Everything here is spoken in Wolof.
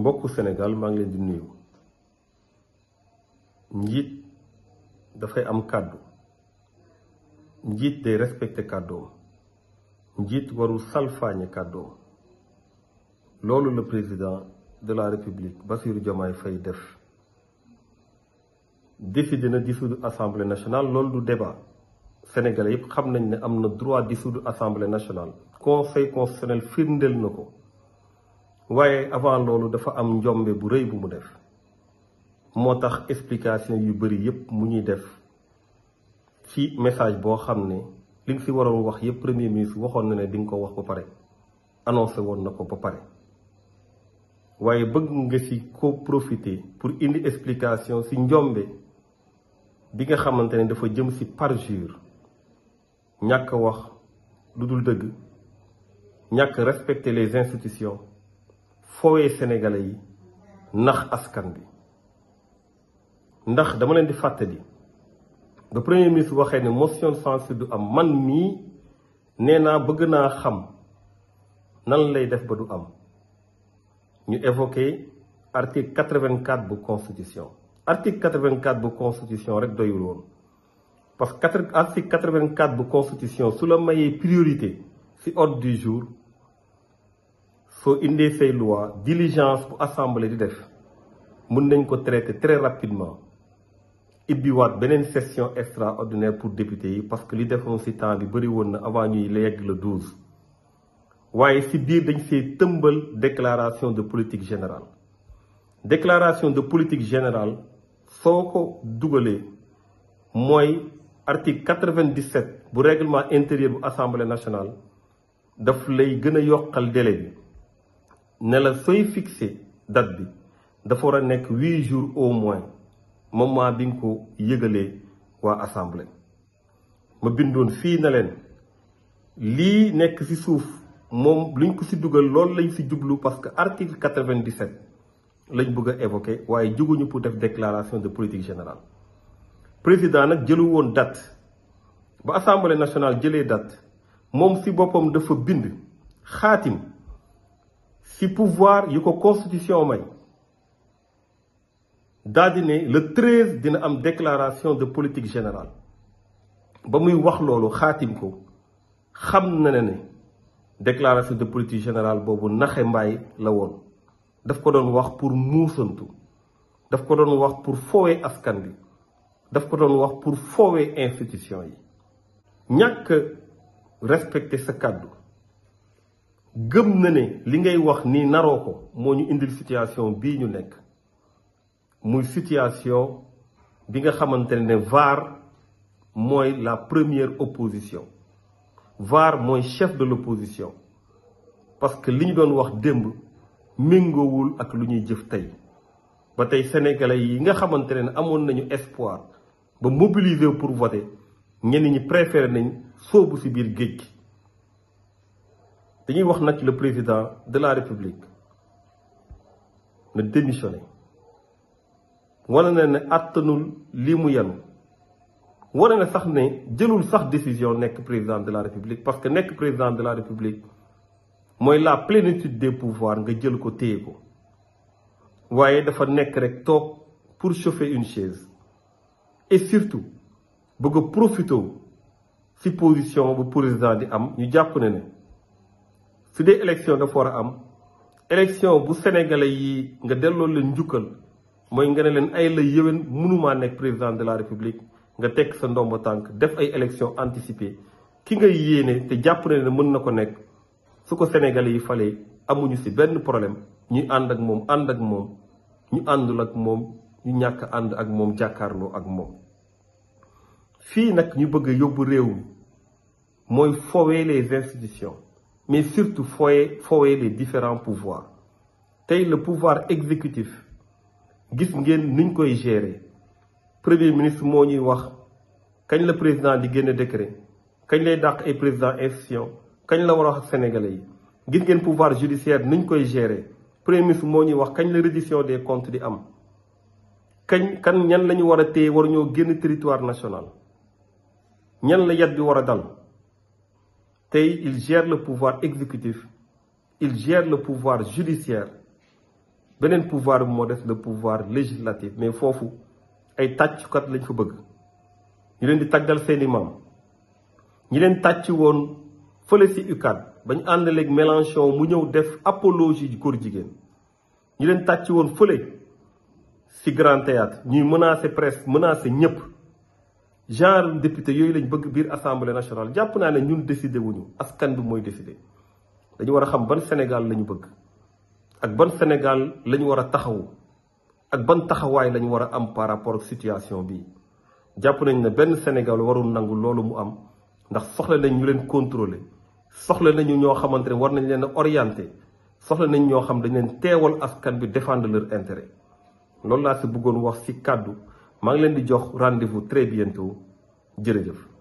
mbokk Sénégal maa ngi leen di nuyu njiit dafay am kàddu njiit day respecté kàddoom njiit warul salfaañe kàddoom loolu la président de la république Bassirou Diomaye Faye def décidé na dissoudre assemblée nationale loolu du débat sénégalais yépp xam nañ ne am na droit dissoudre assemblée nationale conseil constitutionnel firndeel na ko waaye avant loolu dafa am njombe bu rëy bu mu def moo tax explication yu bari yépp mu ñuy def ci message boo xam ne li nga ci waroon wax yépp premier ministre waxoon na ne di nga ko wax ba pare woon na ko ba waaye bëgg nga ci ko profiter pour indi explication ci njombe dinga xamante ne dafa jëm ci parjure ñàkk wax lu dul dëgg ñàkk respecter les institutions foowee sénégalais yi ndax askan bi ndax dama leen di fàttali ba premier ministre waxee ne motion de censure du am man mii nee naa bëgg naa xam nan lay def ba du am ñu évoqué article 84 bu constitution article 84 bu constitution rek doyul woon parce que article 84 bu constitution su la mayee priorité ci ordre du jour soo indee say loi diligence bu assemblée di def mën nañ ko traiter très rapidement ibbiwaat beneen session extraordinaire pour député yi parce que li defoon ci temps bi bëri woon na avant ñuy la yegg le 12 waaye ci biir dañ see tëmbal déclaration de politique général déclaration de politique général soo ko dugalee mooy article 97 bu règlement intérieur bu assemblée nationale daf lay gën a yokkal délai bi ne la sooy fixé date bi dafa war a nekk huit jours au moins moment bi nga ko yëgalee waa assemblée ma bindoon fii na leen lii nekk ci suuf moom luñ ko ci dugal loolu lañ ci jublu parce que article quatre-vingt-dix-sept bëgg a waaye jóguñu pour def déclaration de politique général président nag jëlu woon date ba assemblée nationale jëlee dat moom ci boppam dafa bind xaatim ci pouvoir yi ko constitution may daal di ne le 13 dina am déclaration de politique générale ba muy wax loolu xaatim ko xam na ne ne déclaration de politique générale boobu naxe mbaay la woon daf ko doon wax pour muusantu daf ko doon wax pour foowee askan bi daf ko doon wax pour foowee institution yi ñàkk respecte sa kàddu gëm na ne li ngay wax nii naroo ko moo ñu indil situation bii ñu nekk muy situation bi nga xamante ne VAR mooy la première opposition VAR mooy chef de l'opposition parce que li ñu doon wax démb méngoowul ak lu ñuy jëf tey ba tey sénégalais yi nga xamante ne amoon nañu espoir ba mobiliser pour voter ñen ñi préféré nañ soobu ci biir géej dañuy wax nag le président de la république na démissionné wala ne ne àttanul lii mu yenu wala ne sax ne jëlul sax décision nekk président de la république parce que nekk président de la république mooy la plénitude des pouvoir nga jël ko téye ko waaye dafa nekk rek toog pour chauffer une chaise et surtout bëgg a profité ci position bu président di am ñu jàpp ne ne su dee élection dafa war a am élection bu sénégalais yi nga delloo leen njukkal mooy nga ne leen ay la yéwén mënumaa nekk président de la république nga tekk sa ndomba tànk def ay élection anticipée ki nga yéene te jàpp ne mën na ko nekk su ko sénégalais yi falee amuñu ci benn problème ñuy ànd ak moom ànd ak moom ñu àndul ak moom yu ñàkk ànd ak moom jàkkaarloo ak moom fii nag ñu bëgg yóbbu réew mi mooy fowee les institutions mais surtout fooye fooye les différents pouvoirs tey le pouvoir exécutif gis ngeen niñ koy gérer premier ministre moo ñuy wax kañ la président di génn décret kañ lay dàq ay président institution kañ la war a wax ak sénégalais yi gis ngeen pouvoir judiciaire niñ koy gérer premier ministre moo ñuy wax kañ la reddition des comptes di am kañ kan ñan lañu war a téye war ñoo génn territoire national ñan la yat bi war a dal tey il gère le pouvoir exécutif il gère le pouvoir judiciaire beneen pouvoir bi moo def le pouvoir législatif mais foofu ay tàccukat lañ fa bëgg ñu leen di tàggal seeni maam ñi leen tàcc woon fële si UCAD bañ ànd léeg Mélenchon mu ñëw def apologie ji góor jigéen ñi leen tàcc woon fële si Grand Théâtre ñuy menacer presse menacer ñëpp genre député yooyu lañ bëgg biir assemblée nationale jàpp naa ne ñun décidé wuñu askan bi mooy décidé dañu war a xam ban Sénégal la ñu bëgg ak ban Sénégal la war a taxawu ak ban taxawaay la ñu war a am par rapport ak situation bi jàpp nañ ne benn Sénégal warul nangu loolu mu am ndax soxla nañ ñu leen contrôler soxla nañu ñoo xamante ne war nañ leen orienté soxla nañ ñoo xam dañu leen teewal askan bi défendre leur intérêt loolu laa si bëggoon wax si kàddu maa leen di jox rendez-vous très bientôt jërëjëf